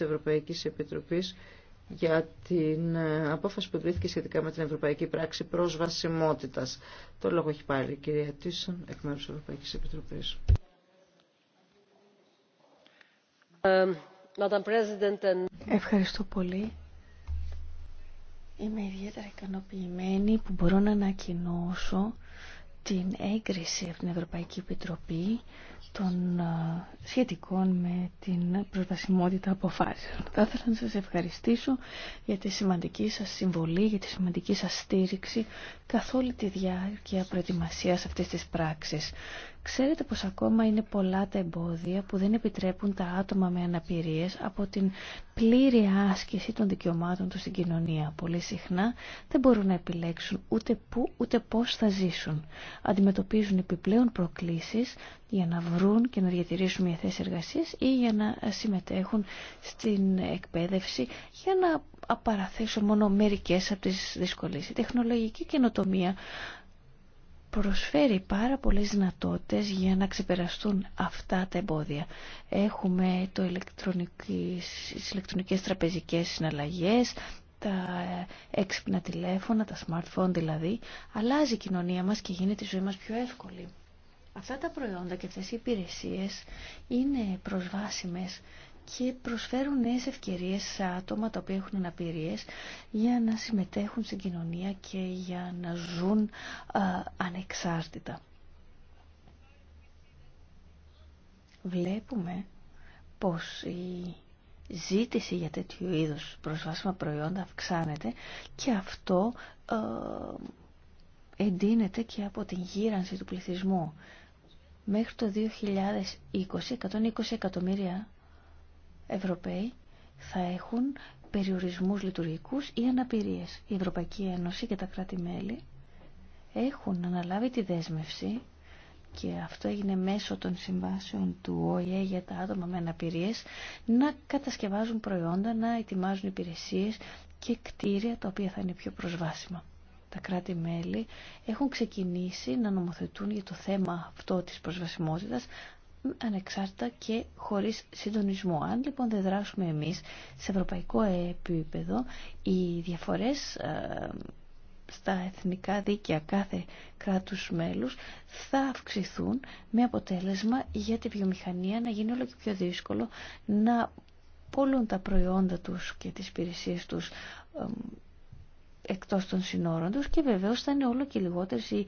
της Ευρωπαϊκής Επιτροπής για την ε, απόφαση που εγκρίθηκε σχετικά με την Ευρωπαϊκή Πράξη Προσβασιμότητας. Το λόγο έχει πάρει η κυρία Τίσον, εκ μέρους της Ευρωπαϊκής Επιτροπής. Ε, Ευχαριστώ πολύ. Είμαι ιδιαίτερα ικανοποιημένη που μπορώ να ανακοινώσω την έγκριση από την Ευρωπαϊκή Επιτροπή των ε, σχετικών με την προσβασιμότητα αποφάσεων. Θα ήθελα να σας ευχαριστήσω για τη σημαντική σας συμβολή, για τη σημαντική σας στήριξη καθ' όλη τη διάρκεια προετοιμασίας αυτής της πράξης. Ξέρετε πως ακόμα είναι πολλά τα εμπόδια που δεν επιτρέπουν τα άτομα με αναπηρίες από την πλήρη άσκηση των δικαιωμάτων του στην κοινωνία. Πολύ συχνά δεν μπορούν να επιλέξουν ούτε πού ούτε πώς θα ζήσουν. Αντιμετωπίζουν επιπλέον προκλήσεις για να βρουν και να διατηρήσουν μια θέση εργασίας ή για να συμμετέχουν στην εκπαίδευση για να απαραθέσουν μόνο μερικές από τις δυσκολίες. Η τεχνολογική καινοτομία προσφέρει πάρα πολλές δυνατότητες για να ξεπεραστούν αυτά τα εμπόδια. Έχουμε το ηλεκτρονικέ τις ηλεκτρονικές τραπεζικές συναλλαγές, τα έξυπνα τηλέφωνα, τα smartphone δηλαδή. Αλλάζει η κοινωνία μας και γίνεται η ζωή μας πιο εύκολη. Αυτά τα προϊόντα και αυτές οι υπηρεσίες είναι προσβάσιμες και προσφέρουν νέες ευκαιρίες σε άτομα τα οποία έχουν αναπηρίες για να συμμετέχουν στην κοινωνία και για να ζουν ανεξάρτητα. Βλέπουμε πως η ζήτηση για τέτοιου είδους προσβάσιμα προϊόντα αυξάνεται και αυτό εντείνεται και από την γύρανση του πληθυσμού. Μέχρι το 2020, 120 εκατομμύρια Ευρωπαίοι θα έχουν περιορισμούς λειτουργικούς ή αναπηρίες. Η Ευρωπαϊκή Ένωση και τα κράτη-μέλη έχουν αναλάβει τη δέσμευση και αυτό έγινε μέσω των συμβάσεων του ΟΗΕ για τα άτομα με αναπηρίες να κατασκευάζουν προϊόντα, να ετοιμάζουν υπηρεσίες και κτίρια τα οποία θα είναι πιο προσβάσιμα. Τα κράτη-μέλη έχουν ξεκινήσει να νομοθετούν για το θέμα αυτό της προσβασιμότητας ανεξάρτητα και χωρίς συντονισμό. Αν λοιπόν δεν δράσουμε εμείς σε ευρωπαϊκό επίπεδο, οι διαφορές ε, στα εθνικά δίκαια κάθε κράτους μέλους θα αυξηθούν με αποτέλεσμα για τη βιομηχανία να γίνει όλο και πιο δύσκολο να πόλουν τα προϊόντα τους και τις υπηρεσίε τους εκτός των συνόρων τους και βεβαίως θα είναι όλο και λιγότερες οι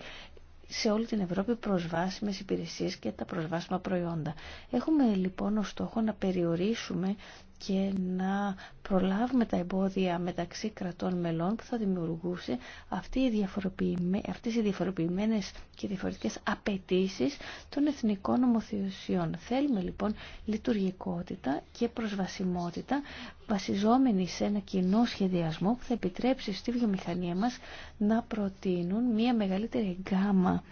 σε όλη την Ευρώπη προσβάσιμες υπηρεσίες και τα προσβάσιμα προϊόντα. Έχουμε λοιπόν ως στόχο να περιορίσουμε και να προλάβουμε τα εμπόδια μεταξύ κρατών μελών που θα δημιουργούσε αυτή αυτές οι διαφοροποιημένες και διαφορετικές απαιτήσει των εθνικών νομοθεσιών. Θέλουμε λοιπόν λειτουργικότητα και προσβασιμότητα βασιζόμενη σε ένα κοινό σχεδιασμό που θα επιτρέψει στη βιομηχανία μας να προτείνουν μια μεγαλύτερη γκάμα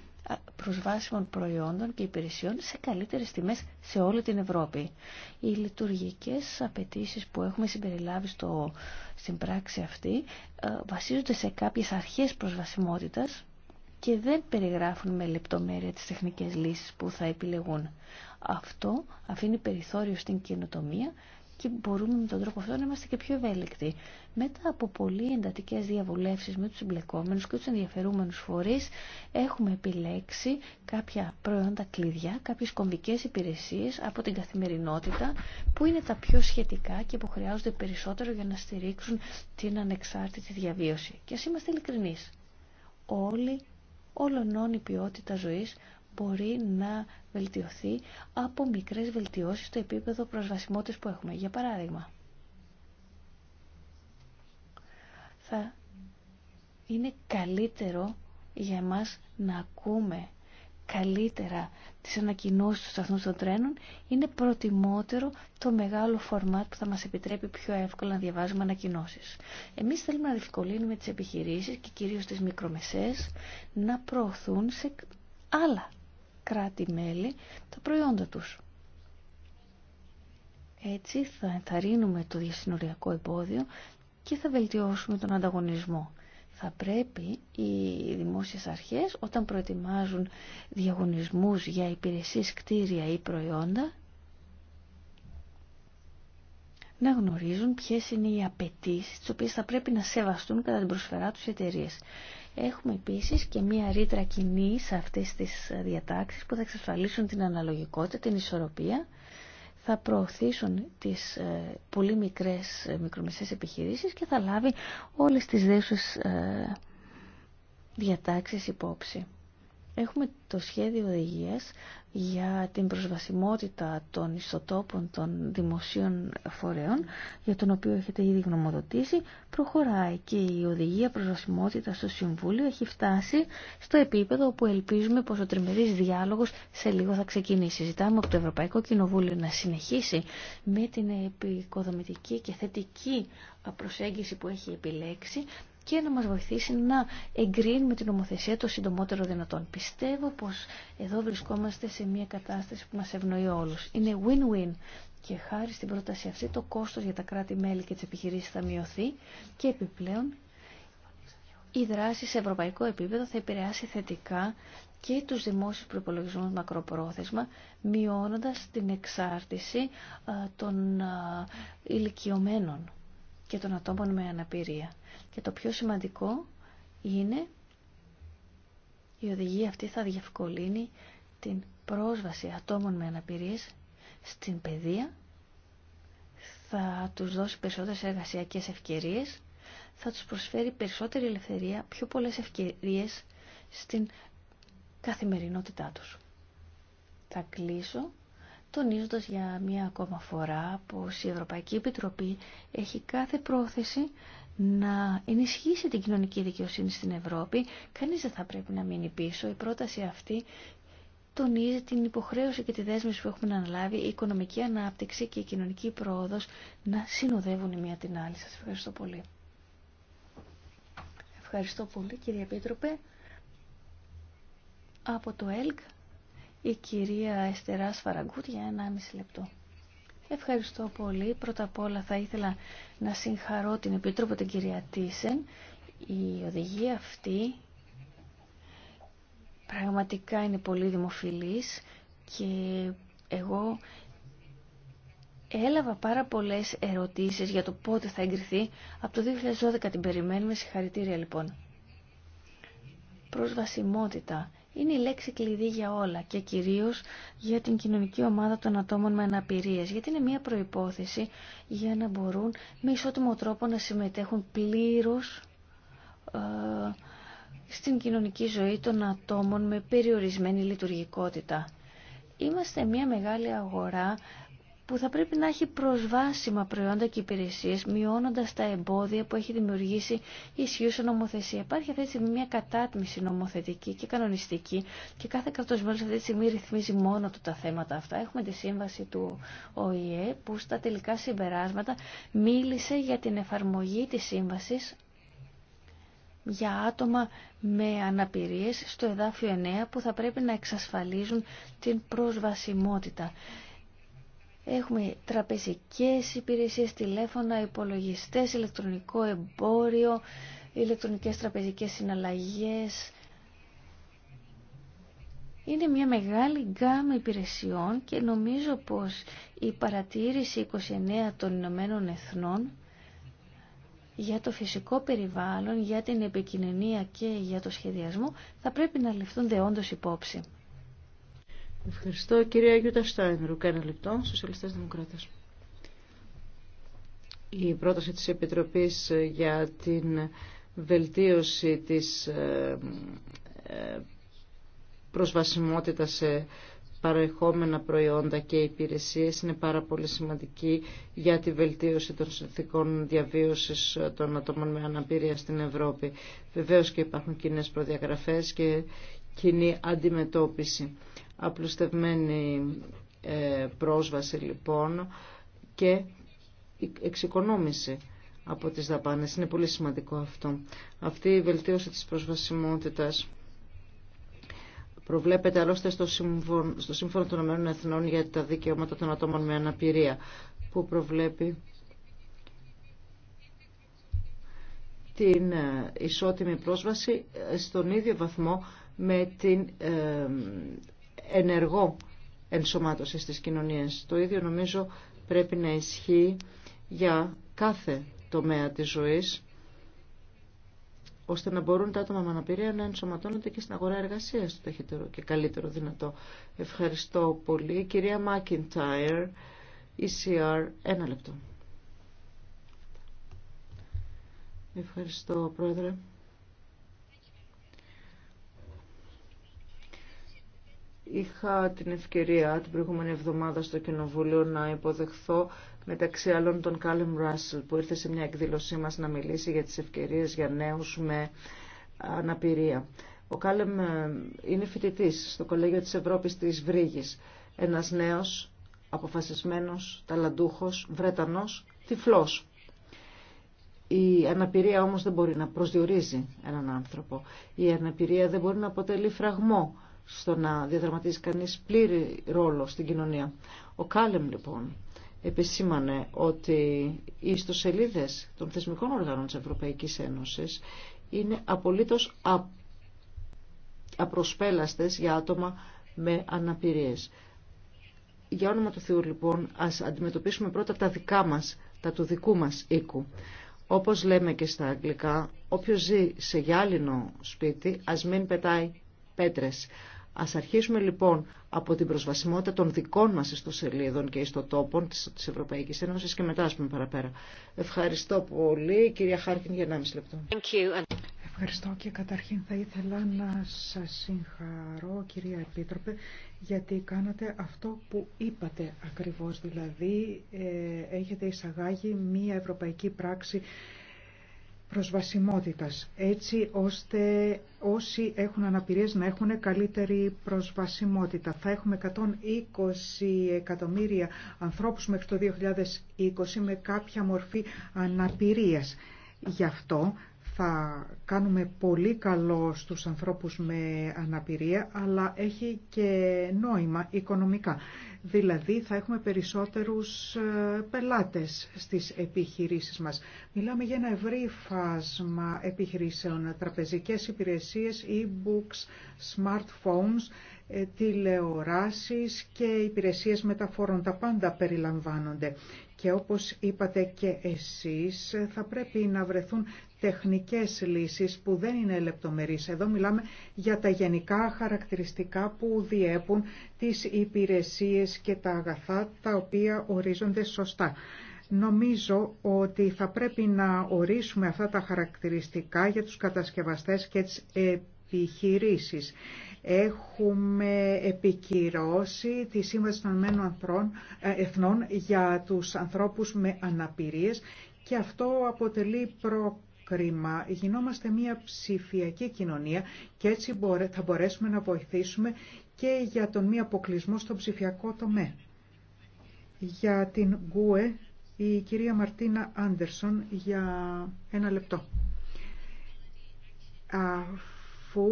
προσβάσιμων προϊόντων και υπηρεσιών σε καλύτερες τιμές σε όλη την Ευρώπη. Οι λειτουργικές απαιτήσεις που έχουμε συμπεριλάβει στο, στην πράξη αυτή βασίζονται σε κάποιες αρχές προσβασιμότητας και δεν περιγράφουν με λεπτομέρεια τις τεχνικές λύσεις που θα επιλεγούν. Αυτό αφήνει περιθώριο στην καινοτομία και μπορούμε με τον τρόπο αυτό να είμαστε και πιο ευέλικτοι. Μετά από πολύ εντατικέ διαβουλεύσεις με τους εμπλεκόμενου και τους ενδιαφερούμενου φορείς έχουμε επιλέξει κάποια προϊόντα κλειδιά, κάποιε κομβικές υπηρεσίες από την καθημερινότητα που είναι τα πιο σχετικά και που χρειάζονται περισσότερο για να στηρίξουν την ανεξάρτητη διαβίωση. Και α είμαστε ειλικρινεί. Όλοι όλων η ποιότητα ζωή μπορεί να βελτιωθεί από μικρές βελτιώσεις στο επίπεδο προσβασιμότητας που έχουμε. Για παράδειγμα, θα είναι καλύτερο για εμάς να ακούμε καλύτερα τις ανακοινώσεις του σταθμού των τρένων είναι προτιμότερο το μεγάλο φορμάτ που θα μας επιτρέπει πιο εύκολα να διαβάζουμε ανακοινώσεις. Εμείς θέλουμε να διευκολύνουμε τις επιχειρήσεις και κυρίως τις μικρομεσαίες να προωθούν σε άλλα κράτη-μέλη τα προϊόντα τους. Έτσι θα ενθαρρύνουμε το διασυνοριακό εμπόδιο και θα βελτιώσουμε τον ανταγωνισμό. Θα πρέπει οι δημόσιες αρχές όταν προετοιμάζουν διαγωνισμούς για υπηρεσίες κτίρια ή προϊόντα να γνωρίζουν ποιες είναι οι απαιτήσει τις οποίες θα πρέπει να σεβαστούν κατά την προσφερά τους εταιρείε. Έχουμε επίσης και μία ρήτρα κοινή σε αυτές τις διατάξεις που θα εξασφαλίσουν την αναλογικότητα, την ισορροπία, θα προωθήσουν τις ε, πολύ μικρές ε, μικρομεσαίες επιχειρήσεις και θα λάβει όλες τις δέσους ε, διατάξεις υπόψη. Έχουμε το σχέδιο οδηγίας για την προσβασιμότητα των ιστοτόπων των δημοσίων φορέων, για τον οποίο έχετε ήδη γνωμοδοτήσει. Προχωράει και η οδηγία προσβασιμότητα στο Συμβούλιο έχει φτάσει στο επίπεδο όπου ελπίζουμε πως ο τριμερής διάλογος σε λίγο θα ξεκινήσει. Ζητάμε από το Ευρωπαϊκό Κοινοβούλιο να συνεχίσει με την επικοδομητική και θετική προσέγγιση που έχει επιλέξει και να μας βοηθήσει να εγκρίνουμε την ομοθεσία το συντομότερο δυνατόν. Πιστεύω πως εδώ βρισκόμαστε σε μια κατάσταση που μας ευνοεί όλους. Είναι win-win και χάρη στην πρόταση αυτή το κόστος για τα κράτη-μέλη και τις επιχειρήσεις θα μειωθεί και επιπλέον η δράση σε ευρωπαϊκό επίπεδο θα επηρεάσει θετικά και τους δημόσιους προϋπολογισμούς μακροπρόθεσμα, μειώνοντας την εξάρτηση των ηλικιωμένων και των ατόμων με αναπηρία. Και το πιο σημαντικό είναι η οδηγία αυτή θα διευκολύνει την πρόσβαση ατόμων με αναπηρίες στην παιδεία, θα τους δώσει περισσότερες εργασιακές ευκαιρίες, θα τους προσφέρει περισσότερη ελευθερία, πιο πολλές ευκαιρίες στην καθημερινότητά τους. Θα κλείσω τονίζοντας για μία ακόμα φορά πως η Ευρωπαϊκή Επιτροπή έχει κάθε πρόθεση να ενισχύσει την κοινωνική δικαιοσύνη στην Ευρώπη. Κανείς δεν θα πρέπει να μείνει πίσω. Η πρόταση αυτή τονίζει την υποχρέωση και τη δέσμευση που έχουμε να αναλάβει η οικονομική ανάπτυξη και η κοινωνική πρόοδος να συνοδεύουν η μία την άλλη. Σας ευχαριστώ πολύ. Ευχαριστώ πολύ κύριε Επίτροπε. Από το ΕΛΚ η κυρία Εστερά Φαραγκούτ για 1,5 λεπτό. Ευχαριστώ πολύ. Πρώτα απ' όλα θα ήθελα να συγχαρώ την Επίτροπο την κυρία Τίσεν. Η οδηγία αυτή πραγματικά είναι πολύ δημοφιλής και εγώ έλαβα πάρα πολλές ερωτήσεις για το πότε θα εγκριθεί. Από το 2012 την περιμένουμε. Συγχαρητήρια λοιπόν προσβασιμότητα είναι η λέξη κλειδί για όλα και κυρίως για την κοινωνική ομάδα των ατόμων με αναπηρίες, γιατί είναι μια προϋπόθεση για να μπορούν με ισότιμο τρόπο να συμμετέχουν πλήρως ε, στην κοινωνική ζωή των ατόμων με περιορισμένη λειτουργικότητα. Είμαστε μια μεγάλη αγορά που θα πρέπει να έχει προσβάσιμα προϊόντα και υπηρεσίε, μειώνοντα τα εμπόδια που έχει δημιουργήσει η ισχύουσα νομοθεσία. Υπάρχει αυτή τη στιγμή μια κατάτμιση νομοθετική και κανονιστική και κάθε κρατός μέλος αυτή τη στιγμή ρυθμίζει μόνο του τα θέματα αυτά. Έχουμε τη σύμβαση του ΟΗΕ που στα τελικά συμπεράσματα μίλησε για την εφαρμογή της σύμβασης για άτομα με αναπηρίες στο εδάφιο 9 που θα πρέπει να εξασφαλίζουν την προσβασιμότητα. Έχουμε τραπεζικές υπηρεσίες, τηλέφωνα, υπολογιστές, ηλεκτρονικό εμπόριο, ηλεκτρονικές τραπεζικές συναλλαγές. Είναι μια μεγάλη γκάμα υπηρεσιών και νομίζω πως η παρατήρηση 29 των Ηνωμένων Εθνών για το φυσικό περιβάλλον, για την επικοινωνία και για το σχεδιασμό θα πρέπει να ληφθούν δεόντως υπόψη. Ευχαριστώ κυρία Γιούτα Στάινρουκ. κανένα λεπτό, Σοσιαλιστές Δημοκράτες. Η πρόταση της Επιτροπής για την βελτίωση της ε, ε, προσβασιμότητας σε παρεχόμενα προϊόντα και υπηρεσίες είναι πάρα πολύ σημαντική για τη βελτίωση των συνθήκων διαβίωσης των ατόμων με αναπηρία στην Ευρώπη. Βεβαίως και υπάρχουν κοινέ προδιαγραφές και κοινή αντιμετώπιση απλουστευμένη ε, πρόσβαση λοιπόν και εξοικονόμηση από τις δαπάνες. Είναι πολύ σημαντικό αυτό. Αυτή η βελτίωση της προσβασιμότητας προβλέπεται άλλωστε στο, Σύμφωνο, των Ομένων Εθνών για τα δικαιώματα των ατόμων με αναπηρία που προβλέπει την ε, ισότιμη πρόσβαση ε, στον ίδιο βαθμό με την ενεργό ενσωμάτωση στις κοινωνίες. Το ίδιο νομίζω πρέπει να ισχύει για κάθε τομέα της ζωής, ώστε να μπορούν τα άτομα με αναπηρία να ενσωματώνονται και στην αγορά εργασία το ταχύτερο και καλύτερο δυνατό. Ευχαριστώ πολύ. Κυρία Μάκιντάιρ, ECR, ένα λεπτό. Ευχαριστώ, Πρόεδρε. Είχα την ευκαιρία την προηγούμενη εβδομάδα στο Κοινοβούλιο να υποδεχθώ μεταξύ άλλων τον Κάλεμ Ράσελ που ήρθε σε μια εκδήλωσή μας να μιλήσει για τις ευκαιρίες για νέους με αναπηρία. Ο Κάλεμ είναι φοιτητή στο Κολέγιο της Ευρώπης της Βρύγης. Ένας νέος, αποφασισμένος, ταλαντούχος, βρετανός, τυφλός. Η αναπηρία όμως δεν μπορεί να προσδιορίζει έναν άνθρωπο. Η αναπηρία δεν μπορεί να αποτελεί φραγμό στο να διαδραματίζει κανείς πλήρη ρόλο στην κοινωνία. Ο Κάλεμ λοιπόν επισήμανε ότι οι ιστοσελίδες των θεσμικών οργάνων της Ευρωπαϊκής Ένωσης είναι απολύτως απροσπέλαστες για άτομα με αναπηρίες. Για όνομα του Θεού λοιπόν ας αντιμετωπίσουμε πρώτα τα δικά μας, τα του δικού μας οίκου. Όπως λέμε και στα αγγλικά, όποιος ζει σε γυάλινο σπίτι ας μην πετάει πέτρες. Ας αρχίσουμε λοιπόν από την προσβασιμότητα των δικών μας ιστοσελίδων και ιστοτόπων της Ευρωπαϊκής Ένωσης και μετά ας πούμε παραπέρα. Ευχαριστώ πολύ. Κυρία Χάρκιν για 1,5 λεπτό. Ευχαριστώ και καταρχήν θα ήθελα να σας συγχαρώ κυρία Επίτροπε γιατί κάνατε αυτό που είπατε ακριβώς. Δηλαδή ε, έχετε εισαγάγει μία ευρωπαϊκή πράξη προσβασιμότητας, έτσι ώστε όσοι έχουν αναπηρίες να έχουν καλύτερη προσβασιμότητα. Θα έχουμε 120 εκατομμύρια ανθρώπους μέχρι το 2020 με κάποια μορφή αναπηρίας. Γι' αυτό θα κάνουμε πολύ καλό στους ανθρώπους με αναπηρία, αλλά έχει και νόημα οικονομικά. Δηλαδή θα έχουμε περισσότερους ε, πελάτες στις επιχειρήσεις μας. Μιλάμε για ένα ευρύ φάσμα επιχειρήσεων, τραπεζικές υπηρεσίες, e-books, smartphones, ε, τηλεοράσεις και υπηρεσίες μεταφορών. Τα πάντα περιλαμβάνονται. Και όπως είπατε και εσείς, ε, θα πρέπει να βρεθούν τεχνικές λύσεις που δεν είναι λεπτομερείς. Εδώ μιλάμε για τα γενικά χαρακτηριστικά που διέπουν τις υπηρεσίες και τα αγαθά τα οποία ορίζονται σωστά. Νομίζω ότι θα πρέπει να ορίσουμε αυτά τα χαρακτηριστικά για τους κατασκευαστές και τις επιχειρήσεις. Έχουμε επικυρώσει τη Σύμβαση των Ηνωμένων ε, Εθνών για τους ανθρώπους με αναπηρίες και αυτό αποτελεί προ κρίμα. Γινόμαστε μια ψηφιακή κοινωνία και έτσι θα μπορέσουμε να βοηθήσουμε και για τον μη αποκλεισμό στον ψηφιακό τομέα. Για την ΓΚΟΕ, η κυρία Μαρτίνα Άντερσον για ένα λεπτό. Αφού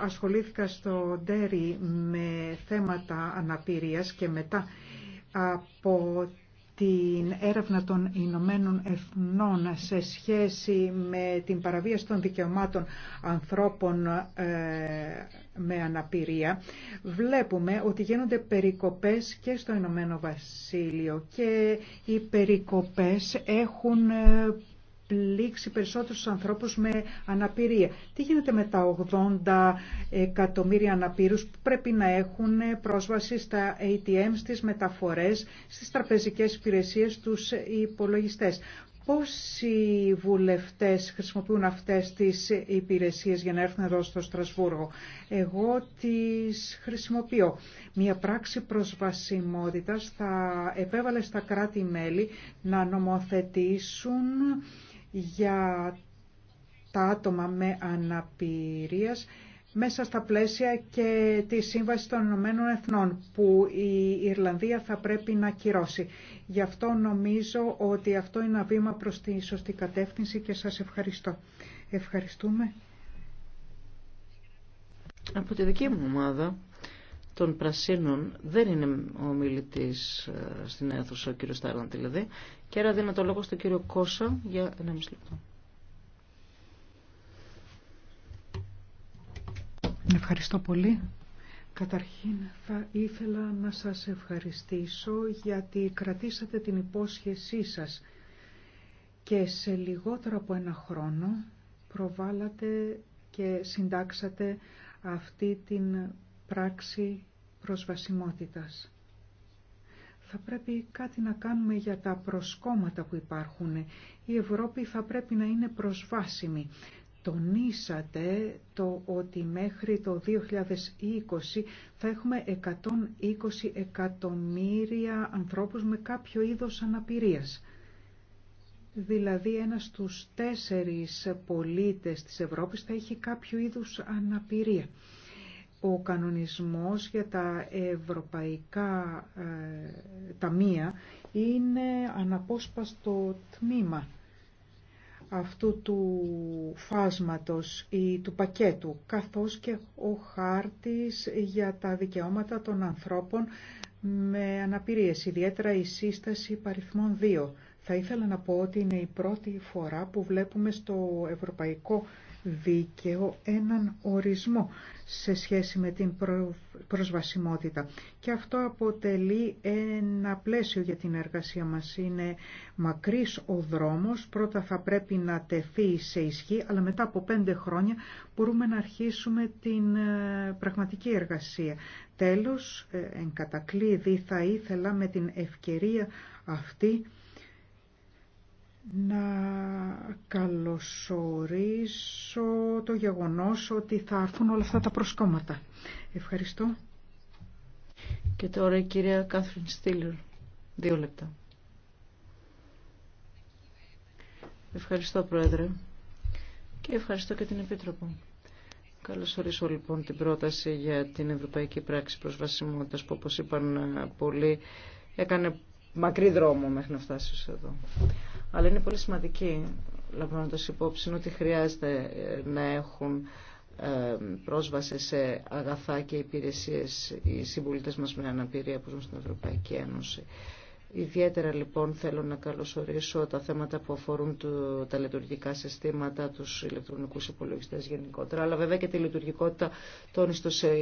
ασχολήθηκα στο Ντέρι με θέματα αναπηρίας και μετά από την έρευνα των Ηνωμένων Εθνών σε σχέση με την παραβίαση των δικαιωμάτων ανθρώπων ε, με αναπηρία, βλέπουμε ότι γίνονται περικοπές και στο Ηνωμένο Βασίλειο και οι περικοπές έχουν ε, πλήξει περισσότερους ανθρώπους με αναπηρία. Τι γίνεται με τα 80 εκατομμύρια αναπήρους που πρέπει να έχουν πρόσβαση στα ATM, στις μεταφορές, στις τραπεζικές υπηρεσίες, τους υπολογιστές. οι βουλευτές χρησιμοποιούν αυτές τις υπηρεσίες για να έρθουν εδώ στο Στρασβούργο. Εγώ τις χρησιμοποιώ. Μια πράξη προσβασιμότητα θα επέβαλε στα κράτη-μέλη να νομοθετήσουν για τα άτομα με αναπηρία μέσα στα πλαίσια και τη Σύμβαση των Ηνωμένων Εθνών που η Ιρλανδία θα πρέπει να κυρώσει. Γι' αυτό νομίζω ότι αυτό είναι ένα βήμα προς τη σωστή κατεύθυνση και σας ευχαριστώ. Ευχαριστούμε. Από τη δική μου ομάδα των Πρασίνων δεν είναι ο μιλητής ε, στην αίθουσα, ο κύριος Στάρλαντ δηλαδή, και άρα δίνω το λόγο στον κύριο Κώσα για ένα μισή λεπτό. Ευχαριστώ πολύ. Καταρχήν θα ήθελα να σας ευχαριστήσω γιατί κρατήσατε την υπόσχεσή σας και σε λιγότερο από ένα χρόνο προβάλατε και συντάξατε αυτή την πράξη προσβασιμότητας. Θα πρέπει κάτι να κάνουμε για τα προσκόμματα που υπάρχουν. Η Ευρώπη θα πρέπει να είναι προσβάσιμη. Τονίσατε το ότι μέχρι το 2020 θα έχουμε 120 εκατομμύρια ανθρώπους με κάποιο είδος αναπηρίας. Δηλαδή ένας στους τέσσερις πολίτες της Ευρώπης θα έχει κάποιο είδους αναπηρία ο κανονισμός για τα ευρωπαϊκά ε, ταμεία είναι αναπόσπαστο τμήμα αυτού του φάσματος ή του πακέτου, καθώς και ο χάρτης για τα δικαιώματα των ανθρώπων με αναπηρίες, ιδιαίτερα η σύσταση παριθμών 2. Θα ήθελα να πω ότι είναι η πρώτη φορά που βλέπουμε στο ευρωπαϊκό δίκαιο έναν ορισμό σε σχέση με την προσβασιμότητα. Και αυτό αποτελεί ένα πλαίσιο για την εργασία μας. Είναι μακρύς ο δρόμος, πρώτα θα πρέπει να τεθεί σε ισχύ, αλλά μετά από πέντε χρόνια μπορούμε να αρχίσουμε την ε, πραγματική εργασία. Τέλος, ε, εν κατακλείδη, θα ήθελα με την ευκαιρία αυτή να καλωσορίσω το γεγονός ότι θα έρθουν όλα αυτά τα προσκόμματα. Ευχαριστώ. Και τώρα η κυρία Κάθριν Στήλερ. Δύο λεπτά. Ευχαριστώ Πρόεδρε και ευχαριστώ και την Επίτροπο. Καλωσορίσω λοιπόν την πρόταση για την Ευρωπαϊκή Πράξη Προσβασιμότητας που όπως είπαν ε, πολλοί έκανε μακρύ δρόμο μέχρι να φτάσει εδώ αλλά είναι πολύ σημαντική λαμβάνοντα υπόψη ότι χρειάζεται ε, να έχουν ε, πρόσβαση σε αγαθά και υπηρεσίες οι συμπολίτε μας με αναπηρία που ζουν στην Ευρωπαϊκή Ένωση. Ιδιαίτερα λοιπόν θέλω να καλωσορίσω τα θέματα που αφορούν το, τα λειτουργικά συστήματα, τους ηλεκτρονικούς υπολογιστές γενικότερα, αλλά βέβαια και τη λειτουργικότητα των, ιστοσε,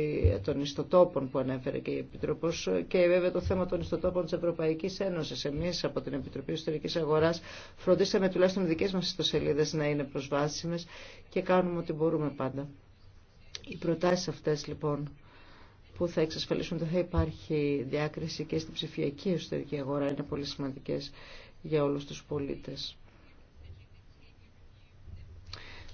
ιστοτόπων που ανέφερε και η Επιτροπός και βέβαια το θέμα των ιστοτόπων της Ευρωπαϊκής Ένωσης. Εμείς από την Επιτροπή Ιστορικής Αγοράς φροντίσαμε τουλάχιστον οι δικές μας ιστοσελίδες να είναι προσβάσιμες και κάνουμε ό,τι μπορούμε πάντα. Οι προτάσεις αυτές λοιπόν που θα εξασφαλίσουν ότι θα υπάρχει διάκριση και στην ψηφιακή εσωτερική αγορά είναι πολύ σημαντικές για όλους τους πολίτες.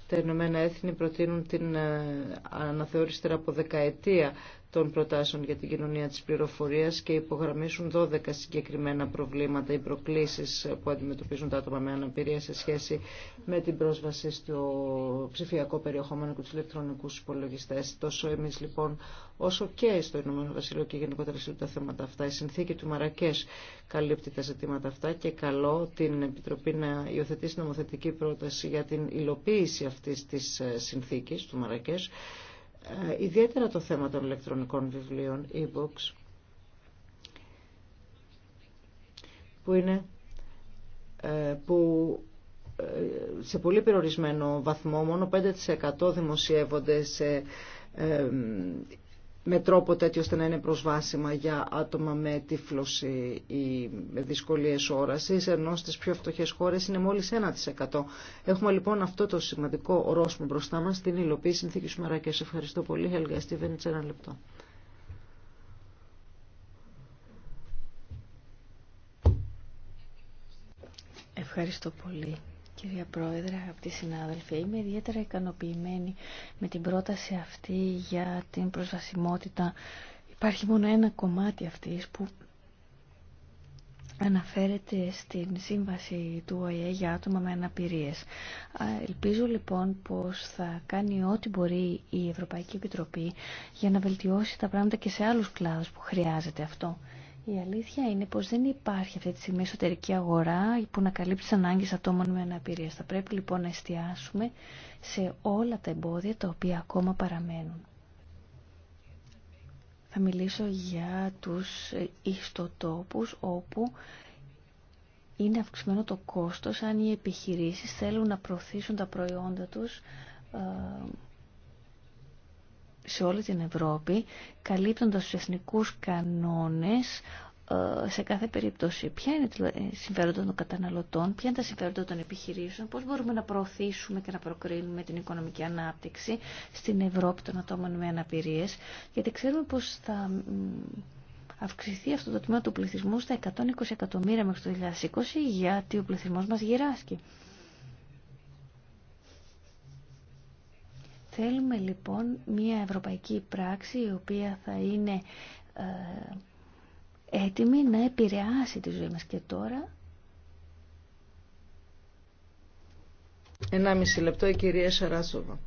Τα Ηνωμένα Έθνη προτείνουν την ε, αναθεώρηση από δεκαετία των προτάσεων για την κοινωνία της πληροφορίας και υπογραμμίσουν 12 συγκεκριμένα προβλήματα ή προκλήσεις που αντιμετωπίζουν τα άτομα με αναπηρία σε σχέση με την πρόσβαση στο ψηφιακό περιεχόμενο και τους ηλεκτρονικούς υπολογιστές. Τόσο εμείς λοιπόν όσο και στο Ηνωμένο Βασίλειο και γενικότερα σε τα θέματα αυτά. Η συνθήκη του Μαρακές καλύπτει τα ζητήματα αυτά και καλό την Επιτροπή να υιοθετήσει νομοθετική πρόταση για την υλοποίηση αυτής της συνθήκης του Μαρακές ε, ιδιαίτερα το θέμα των ηλεκτρονικών βιβλίων, e-books, που είναι ε, που ε, σε πολύ περιορισμένο βαθμό μόνο 5% δημοσιεύονται σε με τρόπο τέτοιο ώστε να είναι προσβάσιμα για άτομα με τύφλωση ή με δυσκολίες όρασης, ενώ στις πιο φτωχές χώρες είναι μόλις 1%. Έχουμε λοιπόν αυτό το σημαντικό ορόσημο μπροστά μας, στην υλοποίηση συνθήκης του Σε Ευχαριστώ πολύ, Χέλγα Στίβενιτς, ένα λεπτό. Ευχαριστώ πολύ. Κυρία Πρόεδρε, αγαπητοί συνάδελφοι, είμαι ιδιαίτερα ικανοποιημένη με την πρόταση αυτή για την προσβασιμότητα. Υπάρχει μόνο ένα κομμάτι αυτής που αναφέρεται στην σύμβαση του ΟΕΕ για άτομα με αναπηρίες. Ελπίζω λοιπόν πως θα κάνει ό,τι μπορεί η Ευρωπαϊκή Επιτροπή για να βελτιώσει τα πράγματα και σε άλλους κλάδους που χρειάζεται αυτό. Η αλήθεια είναι πως δεν υπάρχει αυτή τη στιγμή εσωτερική αγορά που να καλύπτει τις ανάγκες ατόμων με αναπηρία. Θα πρέπει λοιπόν να εστιάσουμε σε όλα τα εμπόδια τα οποία ακόμα παραμένουν. Θα μιλήσω για τους ιστοτόπους όπου είναι αυξημένο το κόστος αν οι επιχειρήσεις θέλουν να προωθήσουν τα προϊόντα τους ε, σε όλη την Ευρώπη, καλύπτοντας τους εθνικούς κανόνες ε, σε κάθε περίπτωση. Ποια είναι τα συμφέροντα των καταναλωτών, ποια είναι τα συμφέροντα των επιχειρήσεων, πώς μπορούμε να προωθήσουμε και να προκρίνουμε την οικονομική ανάπτυξη στην Ευρώπη των ατόμων με αναπηρίες, γιατί ξέρουμε πως θα αυξηθεί αυτό το τμήμα του πληθυσμού στα 120 εκατομμύρια μέχρι το 2020, γιατί ο πληθυσμός μας γυράσκει. Θέλουμε λοιπόν μια ευρωπαϊκή πράξη η οποία θα είναι ε, έτοιμη να επηρεάσει τη ζωή μας και τώρα. λεπτό η κυρία Σαράσοβα.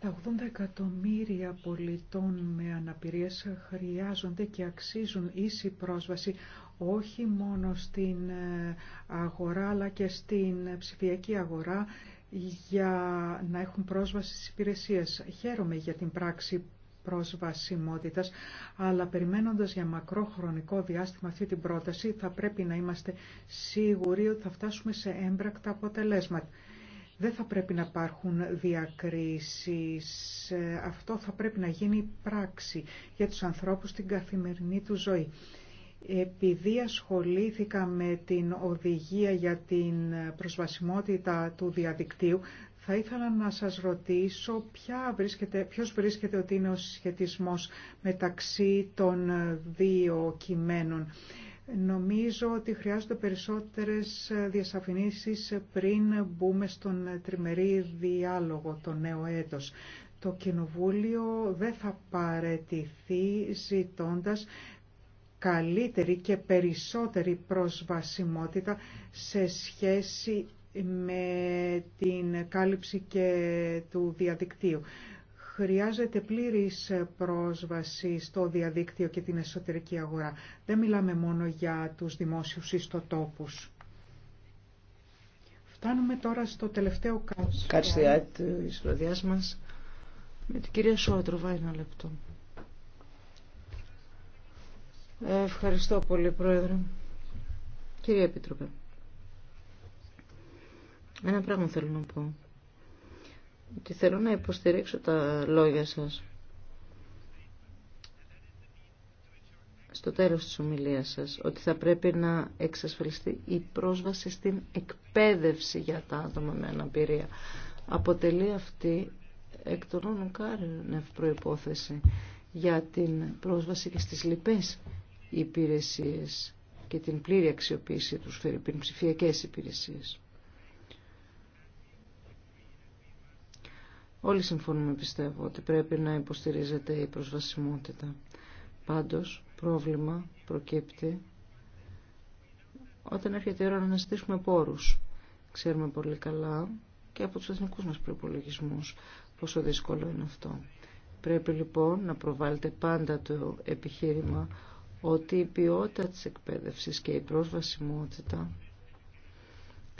Τα 80 εκατομμύρια πολιτών με αναπηρίες χρειάζονται και αξίζουν ίση πρόσβαση όχι μόνο στην ε, αγορά αλλά και στην ψηφιακή αγορά, για να έχουν πρόσβαση στις υπηρεσίες. Χαίρομαι για την πράξη πρόσβασιμότητας, αλλά περιμένοντας για μακρό χρονικό διάστημα αυτή την πρόταση θα πρέπει να είμαστε σίγουροι ότι θα φτάσουμε σε έμπρακτα αποτελέσματα. Δεν θα πρέπει να υπάρχουν διακρίσεις. Ε, αυτό θα πρέπει να γίνει πράξη για τους ανθρώπους στην καθημερινή του ζωή. Επειδή ασχολήθηκα με την οδηγία για την προσβασιμότητα του διαδικτύου, θα ήθελα να σας ρωτήσω ποια βρίσκεται, ποιος βρίσκεται ότι είναι ο συσχετισμός μεταξύ των δύο κειμένων. Νομίζω ότι χρειάζονται περισσότερες διασαφηνίσεις πριν μπούμε στον τριμερή διάλογο το νέο έτος. Το Κοινοβούλιο δεν θα παρετηθεί ζητώντας καλύτερη και περισσότερη προσβασιμότητα σε σχέση με την κάλυψη και του διαδικτύου. Χρειάζεται πλήρης πρόσβαση στο διαδίκτυο και την εσωτερική αγορά. Δεν μιλάμε μόνο για τους δημόσιους ιστοτόπους. Φτάνουμε τώρα στο τελευταίο κάτω. Κάτσε της μας με την κυρία Σότροβα ένα λεπτό. Ευχαριστώ πολύ, Πρόεδρε. Κύριε Επίτροπε, ένα πράγμα θέλω να πω. ότι θέλω να υποστηρίξω τα λόγια σας. στο τέλος της ομιλίας σας ότι θα πρέπει να εξασφαλιστεί η πρόσβαση στην εκπαίδευση για τα άτομα με αναπηρία. Αποτελεί αυτή εκ των όνων προϋπόθεση για την πρόσβαση και στις λοιπές υπηρεσίες και την πλήρη αξιοποίηση τους φερειπίν ψηφιακές υπηρεσίες. Όλοι συμφωνούμε πιστεύω ότι πρέπει να υποστηρίζεται η προσβασιμότητα. Πάντως πρόβλημα προκύπτει όταν έρχεται η ώρα να αναστήσουμε πόρους. Ξέρουμε πολύ καλά και από τους εθνικού μας προπολογισμού. πόσο δύσκολο είναι αυτό. Πρέπει λοιπόν να προβάλλεται πάντα το επιχείρημα ότι η ποιότητα της εκπαίδευσης και η πρόσβασιμότητα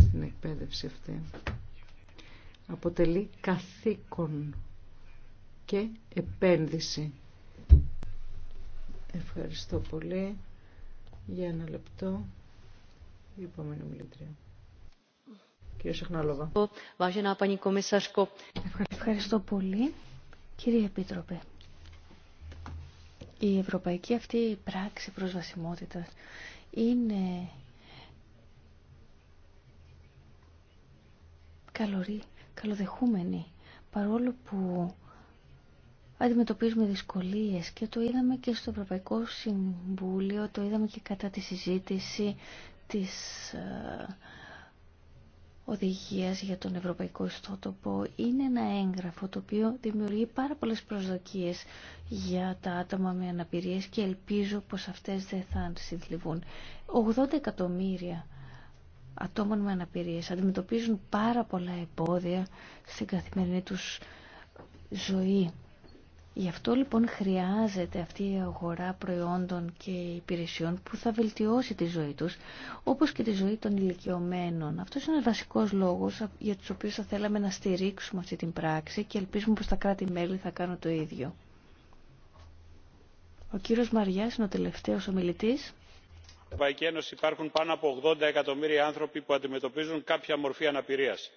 στην εκπαίδευση αυτή αποτελεί καθήκον και επένδυση. Ευχαριστώ πολύ. Για ένα λεπτό. Η επόμενη μιλήτρια. Κύριε Σεχνάλοβα. Ευχαριστώ πολύ. Κύριε Επίτροπε. Η ευρωπαϊκή αυτή πράξη προσβασιμότητας είναι καλωρή, καλοδεχούμενη, παρόλο που αντιμετωπίζουμε δυσκολίες και το είδαμε και στο Ευρωπαϊκό Συμβούλιο, το είδαμε και κατά τη συζήτηση της ε, οδηγίας για τον Ευρωπαϊκό Ιστότοπο είναι ένα έγγραφο το οποίο δημιουργεί πάρα πολλές προσδοκίες για τα άτομα με αναπηρίες και ελπίζω πως αυτές δεν θα συνθλιβούν. 80 εκατομμύρια ατόμων με αναπηρίες αντιμετωπίζουν πάρα πολλά εμπόδια στην καθημερινή τους ζωή. Γι' αυτό λοιπόν χρειάζεται αυτή η αγορά προϊόντων και υπηρεσιών που θα βελτιώσει τη ζωή τους, όπως και τη ζωή των ηλικιωμένων. Αυτός είναι ο βασικός λόγος για τους οποίους θα θέλαμε να στηρίξουμε αυτή την πράξη και ελπίζουμε πως τα κράτη-μέλη θα κάνουν το ίδιο. Ο κύριος Μαριάς είναι ο τελευταίος ομιλητής. Στην Ευρωπαϊκή Ένωση υπάρχουν πάνω από 80 εκατομμύρια άνθρωποι που αντιμετωπίζουν κάποια μορφή αναπηρίας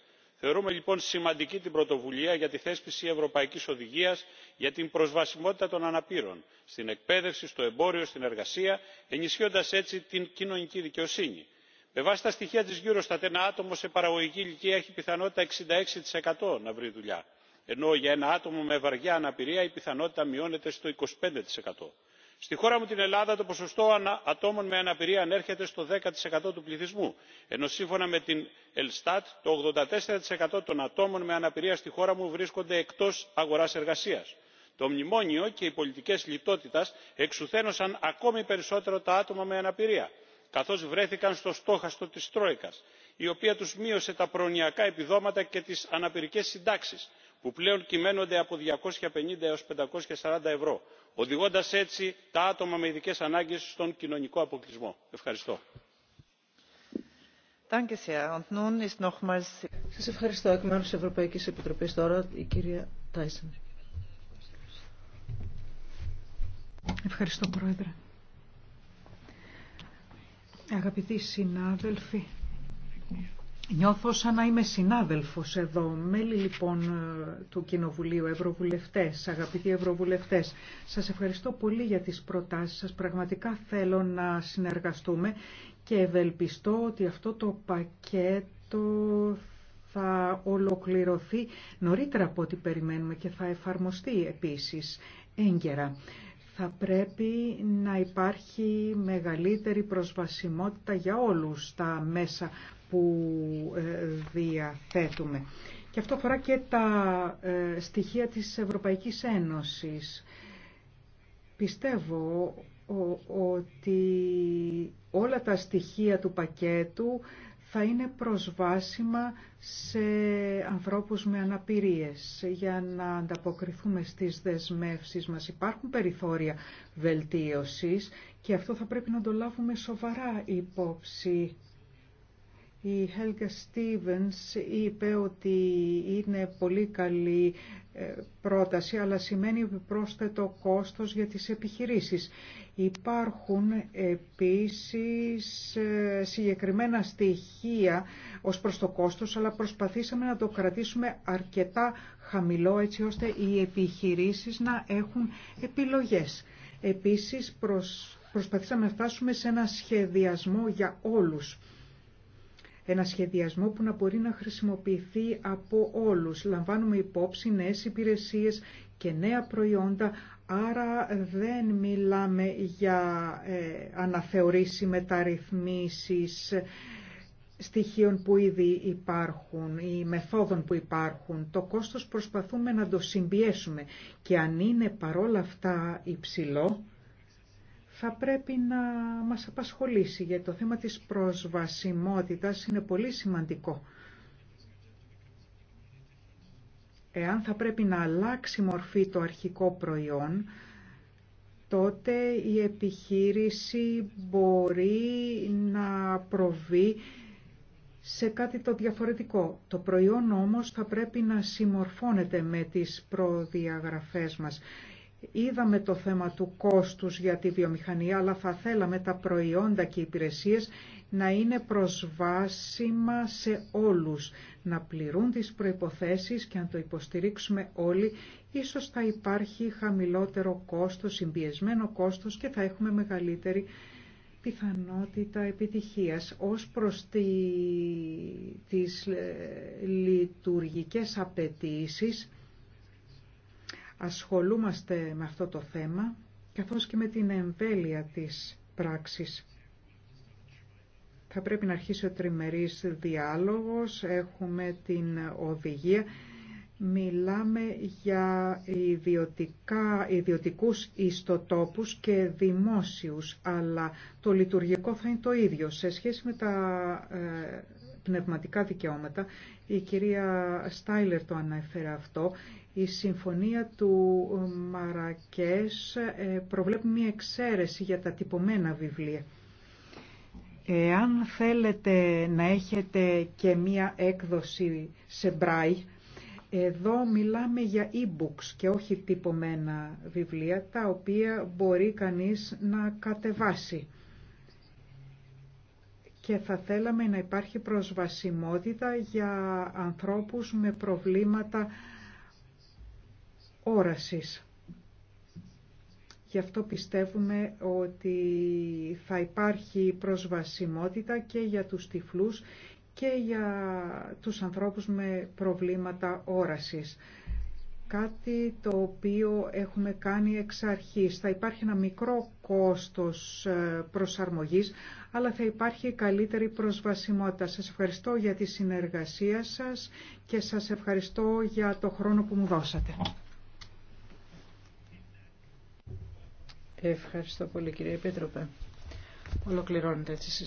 θεωρούμε λοιπόν σημαντική την πρωτοβουλία για τη θέσπιση ευρωπαϊκής οδηγίας για την προσβασιμότητα των αναπήρων στην εκπαίδευση στο εμπόριο στην εργασία ενισχύοντας έτσι την κοινωνική δικαιοσύνη. με βάση τα στοιχεία της eurostat ένα άτομο σε παραγωγική ηλικία έχει πιθανότητα 66% να βρει δουλειά ενώ για ένα άτομο με βαριά αναπηρία η πιθανότητα μειώνεται στο. είκοσι στη χώρα μου την ελλάδα το ποσοστό ατόμων με αναπηρία ανέρχεται στο 10% του πληθυσμού ενώ σύμφωνα με την ελστάτ το 84% των ατόμων με αναπηρία στη χώρα μου βρίσκονται εκτό αγορά εργασία. το μνημόνιο και οι πολιτικέ λιτότητας εξουθένωσαν ακόμη περισσότερο τα άτομα με αναπηρία καθώ βρέθηκαν στο στόχαστο τη τρόικα η οποία του μείωσε τα προνοιακά επιδόματα και τι αναπηρικές συντάξει, που πλέον κυμαίνονται από διακόσια πενήντα έως πεντακόσια ευρώ οδηγώντας έτσι τα άτομα με ειδικές ανάγκες στον κοινωνικό αποκλεισμό. Ευχαριστώ. Σας ευχαριστώ εκ μέρους της Ευρωπαϊκής Επιτροπής τώρα η κυρία Τάισεν. Ευχαριστώ Πρόεδρε. Αγαπητοί συνάδελφοι, Νιώθω σαν να είμαι συνάδελφος εδώ, μέλη λοιπόν του Κοινοβουλίου, ευρωβουλευτές, αγαπητοί ευρωβουλευτές. Σας ευχαριστώ πολύ για τις προτάσεις σας. Πραγματικά θέλω να συνεργαστούμε και ευελπιστώ ότι αυτό το πακέτο θα ολοκληρωθεί νωρίτερα από ό,τι περιμένουμε και θα εφαρμοστεί επίσης έγκαιρα θα πρέπει να υπάρχει μεγαλύτερη προσβασιμότητα για όλους τα μέσα που ε, διαθέτουμε. Και αυτό αφορά και τα ε, στοιχεία της Ευρωπαϊκής Ένωσης. Πιστεύω ότι όλα τα στοιχεία του πακέτου θα είναι προσβάσιμα σε ανθρώπους με αναπηρίες για να ανταποκριθούμε στις δεσμεύσεις μας. Υπάρχουν περιθώρια βελτίωσης και αυτό θα πρέπει να το λάβουμε σοβαρά υπόψη η Helga Stevens είπε ότι είναι πολύ καλή ε, πρόταση, αλλά σημαίνει πρόσθετο κόστος για τις επιχειρήσεις. Υπάρχουν επίσης ε, συγκεκριμένα στοιχεία ως προς το κόστος, αλλά προσπαθήσαμε να το κρατήσουμε αρκετά χαμηλό, έτσι ώστε οι επιχειρήσεις να έχουν επιλογές. Επίσης προσπαθήσαμε να φτάσουμε σε ένα σχεδιασμό για όλους ένα σχεδιασμό που να μπορεί να χρησιμοποιηθεί από όλους. Λαμβάνουμε υπόψη νέες υπηρεσίες και νέα προϊόντα, άρα δεν μιλάμε για ε, αναθεωρήσει μεταρρυθμίσεις στοιχείων που ήδη υπάρχουν ή μεθόδων που υπάρχουν. Το κόστος προσπαθούμε να το συμπιέσουμε και αν είναι παρόλα αυτά υψηλό, θα πρέπει να μας απασχολήσει, γιατί το θέμα της προσβασιμότητας είναι πολύ σημαντικό. Εάν θα πρέπει να αλλάξει μορφή το αρχικό προϊόν, τότε η επιχείρηση μπορεί να προβεί σε κάτι το διαφορετικό. Το προϊόν όμως θα πρέπει να συμμορφώνεται με τις προδιαγραφές μας. Είδαμε το θέμα του κόστους για τη βιομηχανία, αλλά θα θέλαμε τα προϊόντα και οι υπηρεσίες να είναι προσβάσιμα σε όλους, να πληρούν τις προϋποθέσεις και αν το υποστηρίξουμε όλοι, ίσως θα υπάρχει χαμηλότερο κόστος, συμπιεσμένο κόστος και θα έχουμε μεγαλύτερη πιθανότητα επιτυχίας ως προς τη, τις ε, λειτουργικές ασχολούμαστε με αυτό το θέμα, καθώς και με την εμβέλεια της πράξης. Θα πρέπει να αρχίσει ο τριμερής διάλογος, έχουμε την οδηγία. Μιλάμε για ιδιωτικά, ιδιωτικούς ιστοτόπους και δημόσιους, αλλά το λειτουργικό θα είναι το ίδιο σε σχέση με τα ε, πνευματικά δικαιώματα. Η κυρία Στάιλερ το αναφέρε αυτό. Η συμφωνία του Μαρακές ε, προβλέπει μια εξαίρεση για τα τυπωμένα βιβλία. Εάν θέλετε να έχετε και μία έκδοση σε μπράι, εδώ μιλάμε για e-books και όχι τυπωμένα βιβλία, τα οποία μπορεί κανείς να κατεβάσει και θα θέλαμε να υπάρχει προσβασιμότητα για ανθρώπους με προβλήματα όρασης. Γι' αυτό πιστεύουμε ότι θα υπάρχει προσβασιμότητα και για τους τυφλούς και για τους ανθρώπους με προβλήματα όρασης. Κάτι το οποίο έχουμε κάνει εξ αρχής. Θα υπάρχει ένα μικρό κόστος ε, προσαρμογής, αλλά θα υπάρχει καλύτερη προσβασιμότητα. Σας ευχαριστώ για τη συνεργασία σας και σας ευχαριστώ για το χρόνο που μου δώσατε. Ευχαριστώ πολύ κύριε Επίτροπε. Ολοκληρώνεται έτσι